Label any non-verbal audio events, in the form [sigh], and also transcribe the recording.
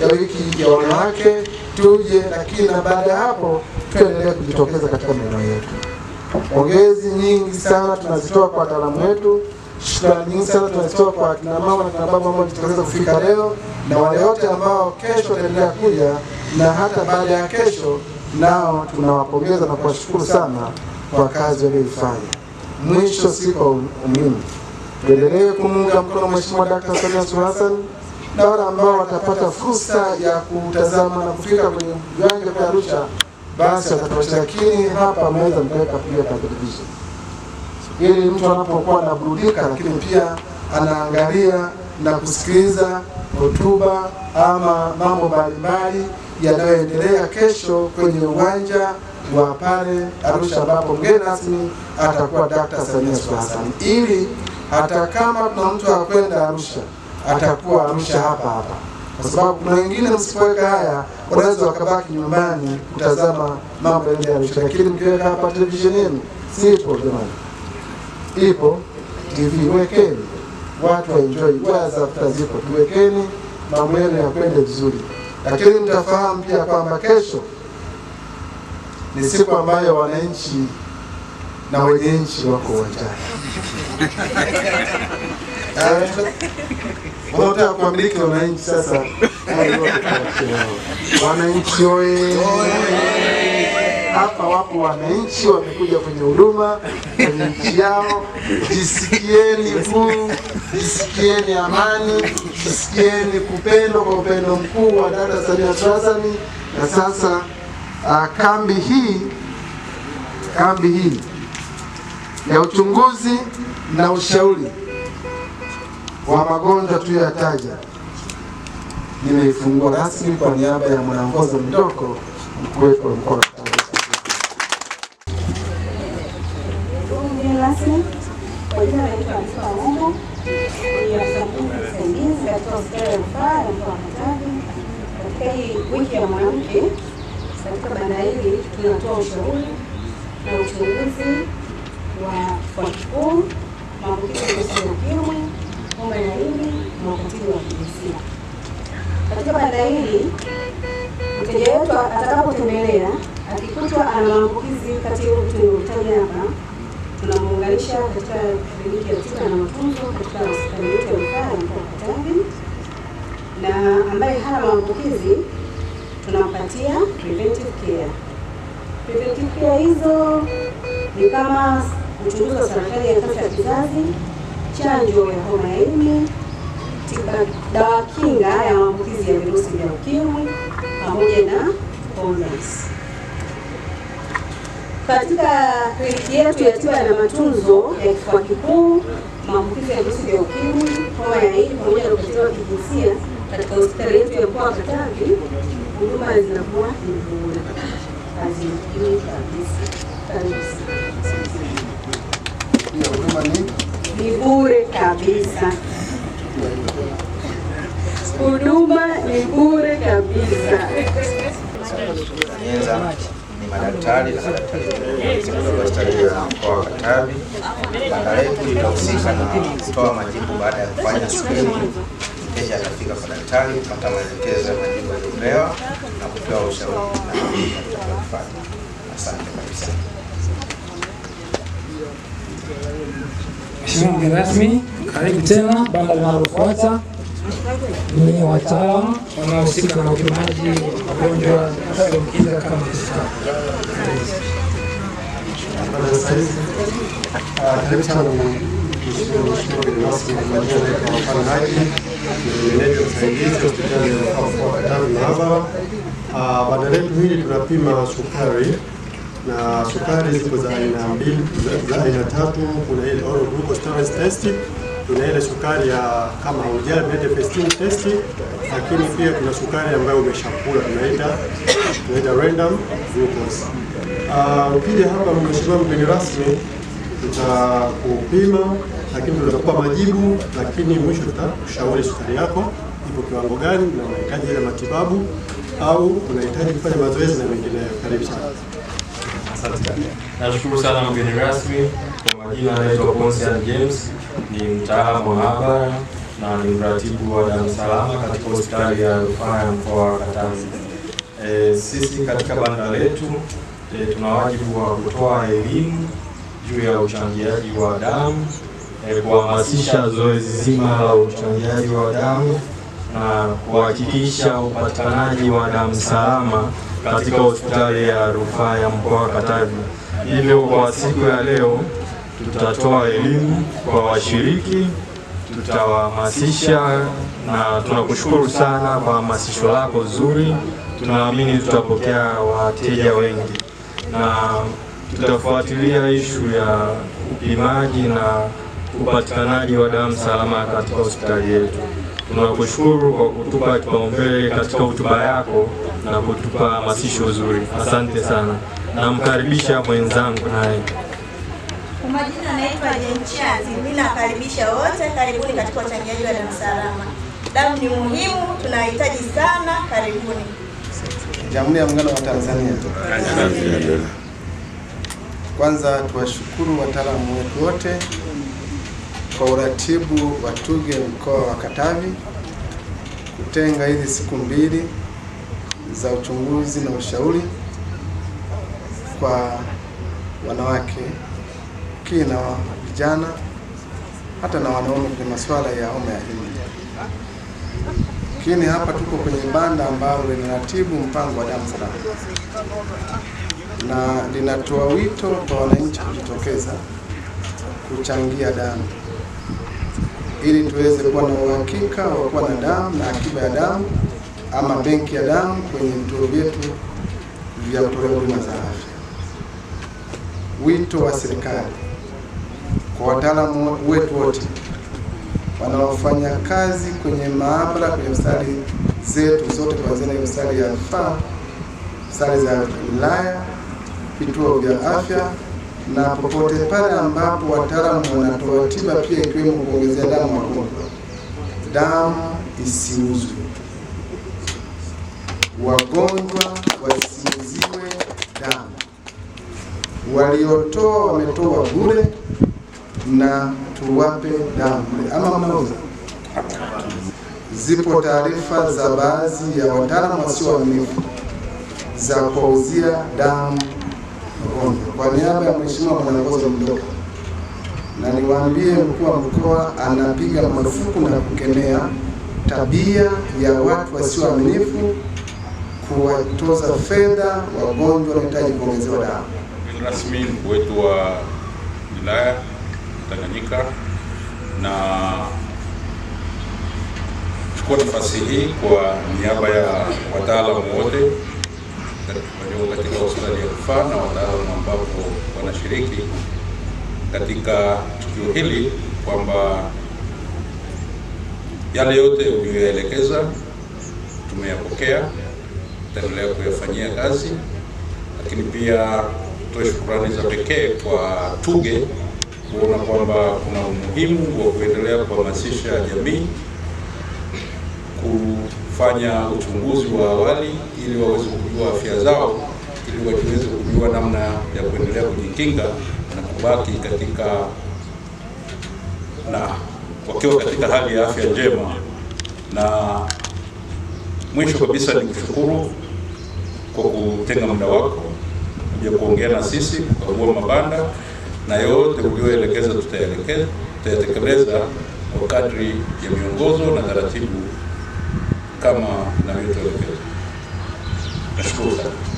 ya wiki ya wanawake tuje, lakini na baada ya hapo tuendelee kujitokeza katika maeneo yetu. Pongezi nyingi sana tunazitoa kwa wataalamu wetu, shukrani nyingi sana tunazitoa kwa kina mama na kina baba ambao wamejitokeza kufika leo na wale wote ambao kesho wataendelea kuja na hata baada ya kesho, nao tunawapongeza na kuwashukuru sana kwa kazi walioifanya. Mwisho si kwa umuhimu, tuendelee kumuunga mkono Mheshimiwa Daktari Samia Suluhu Hassan na wale ambao watapata fursa ya kutazama na kufika kwenye viwanja vya Arusha basi watatuacha, lakini hapa mnaweza mkaweka pia kwa television, ili mtu anapokuwa anaburudika, lakini pia anaangalia na kusikiliza hotuba ama mambo mbalimbali yanayoendelea kesho kwenye uwanja wa pale Arusha, ambapo mgeni rasmi atakuwa Dkt. Samia Suluhu Hassan, ili hata kama kuna mtu akwenda Arusha atakuwa Arusha hapa hapa, kwa sababu kuna wengine msipoweka haya wanaweza wakabaki nyumbani kutazama mambo ya nje, lakini mkiweka hapa televisheni yenu sipo jamani, ipo TV wekeni, watu za wazafuta zipo, tuwekeni mambo yenu yakwende vizuri, lakini mtafahamu pia kwamba kesho ni siku ambayo wananchi na wenye nchi wako uwanjani. [laughs] Eh? Wote wakumiliki wananchi sasa. Wananchi oye! Hapa wapo wananchi wamekuja kwenye huduma kwenye nchi yao. Jisikieni huru, jisikieni amani, jisikieni kupendwa kwa upendo mkuu wa dada Samia Suluhu Hassan. Na sasa uh, kambi hii kambi hii ya uchunguzi na ushauri wa magonjwa tuliyoyataja nimeifungua rasmi kwa niaba ya Mwanamvua Zone mkuu wetu wa mkoa. rasmi kwa jina naitwa ya rufaa ya mkoa wa Katika hii wiki ya mwanamke katika banda hili tunatoa ushauri na uchunguzi wa kifua kikuu, maambukizi ya ukimwi homa ya ini na ukatili wa kijinsia. Katika banda hili mteja wetu atakapotembelea akikutwa ana maambukizi kati ya tunavyotaja hapa, tunamuunganisha katika kliniki ya tiba na matunzo katika hospitali yetu ya rufaa ya mkoa Katavi, na ambaye hana maambukizi tunampatia preventive care. Preventive care hizo ni kama uchunguzi wa saratani ya kansa ya kizazi chanjo ya homa ya ini, dawa kinga ya maambukizi ya virusi vya ukimwi pamoja na condoms. Katika kliniki yetu ya tiba na matunzo ya kifua kikuu, maambukizi ya virusi vya ukimwi, homa ya ini pamoja na ukatili wa kijinsia katika hospitali yetu ya mkoa wa Katavi, huduma zinakuwa ni bure, hazilipii kabisa kabisa. Huduma ni kabisa. Huduma ni bure kabisa. Nyenza ni madaktari na madaktari wa mkoa wa Katavi. Banda letu litahusika na kutoa majibu baada ya kufanya skrini. Mteja atafika kwa daktari kupata maelekezo ya majibu yaliyopewa na kupewa ushauri na kufanya. Asante kabisa. Mheshimiwa mgeni rasmi karibu tena banda linalofuata ni wataalamu wanaohusika na upimaji wa magonjwa yasiyoambukiza kama kisukari. Banda letu hili tunapima sukari na sukari ziko za aina mbili, za aina tatu. Kuna ile oral glucose tolerance test tuna ile sukari ya kama haujali blood test, lakini pia tuna sukari ambayo umeshakula tunaita tunaita random glucose. Uh, ukija hapa mheshimiwa mgeni rasmi, tutakupima lakini tutakupa majibu, lakini mwisho tutakushauri sukari yako ipo kiwango gani na unahitaji ile matibabu au unahitaji kufanya mazoezi na mengineyo. Karibu sana nashukuru sana mgeni rasmi. Kwa majina anaitwa Ponsian James, ni mtaalamu wa maabara na ni mratibu wa damu salama katika hospitali ya rufaa ya mkoa wa Katavi. E, sisi katika banda letu e, tuna wajibu wa kutoa elimu juu ya uchangiaji wa damu e, kuhamasisha zoezi zima la uchangiaji wa damu na kuhakikisha upatikanaji wa damu salama katika hospitali ya rufaa ya mkoa wa Katavi. Hivyo kwa siku ya leo tutatoa elimu kwa washiriki, tutawahamasisha na tunakushukuru sana kwa hamasisho lako zuri. Tunaamini tutapokea wateja wengi na tutafuatilia ishu ya upimaji na upatikanaji wa damu salama katika hospitali yetu. Tunakushukuru kwa kutupa kipaumbele katika hotuba yako na kutupa hamasisho zuri. Asante sana. Namkaribisha mwenzangu naye kwa majina anaitwa Jencha Zimila. Karibisha wote, karibuni katika uchangiaji wa damu salama. Damu ni muhimu, tunahitaji sana. Karibuni Jamhuri ya Muungano wa Tanzania. Kwanza tuwashukuru wataalamu wetu wote kwa uratibu wa TUGHE mkoa wa Katavi kutenga hizi siku mbili za uchunguzi na ushauri kwa wanawake na vijana hata na wanaume kwenye masuala ya homa ya ini. Lakini hapa tuko kwenye banda ambalo linaratibu mpango wa damu salama na linatoa wito kwa wananchi kujitokeza kuchangia damu ili tuweze kuwa na uhakika wa kuwa na damu na akiba ya damu ama benki ya damu kwenye vituo vyetu vya kutolea huduma za afya. Wito wa serikali kwa wataalamu wetu wote wanaofanya kazi kwenye maabara, kwenye hospitali zetu zote, kuanzia na hospitali ya rufaa, hospitali za wilaya, vituo vya afya na popote pale ambapo wataalamu wanatoa tiba, pia ikiwemo kuongezea damu wagonjwa, damu isiuzwe wagonjwa wasiuziwe damu, waliotoa wametoa bure, na tuwape damu Ama mnauza? Zipo taarifa za baadhi ya wataalamu wasio waaminifu za kuwauzia damu wagonjwa. Kwa niaba ya mheshimiwa mwanagozi mdogo, na niwaambie mkuu wa mkoa anapiga marufuku na kukemea tabia ya watu wasioaminifu kuwatoza fedha wagonjwa wanahitaji kuongezewa dawa. rasmi mkuu wetu wa wilaya Tanganyika, na chukua nafasi hii kwa niaba ya wataalamu wote walio katika hospitali ya rufaa na wataalamu ambao wanashiriki katika tukio hili kwamba yale yote uliyoyaelekeza tumeyapokea tutaendelea kuyafanyia kazi, lakini pia tutoe shukurani za pekee kwa TUGHE kuona kwamba kuna umuhimu wa kuendelea kuhamasisha jamii kufanya uchunguzi wa awali ili waweze kujua afya zao ili waweze kujua namna ya kuendelea kujikinga na kubaki katika na wakiwa katika hali ya afya njema. Na mwisho kabisa ni kushukuru kwa kutenga muda wako kuja kuongea na sisi, kukagua mabanda na yote ulioelekeza tutayatekeleza kwa kadri ya miongozo na taratibu kama inavyotuelekeza. Nashukuru sana.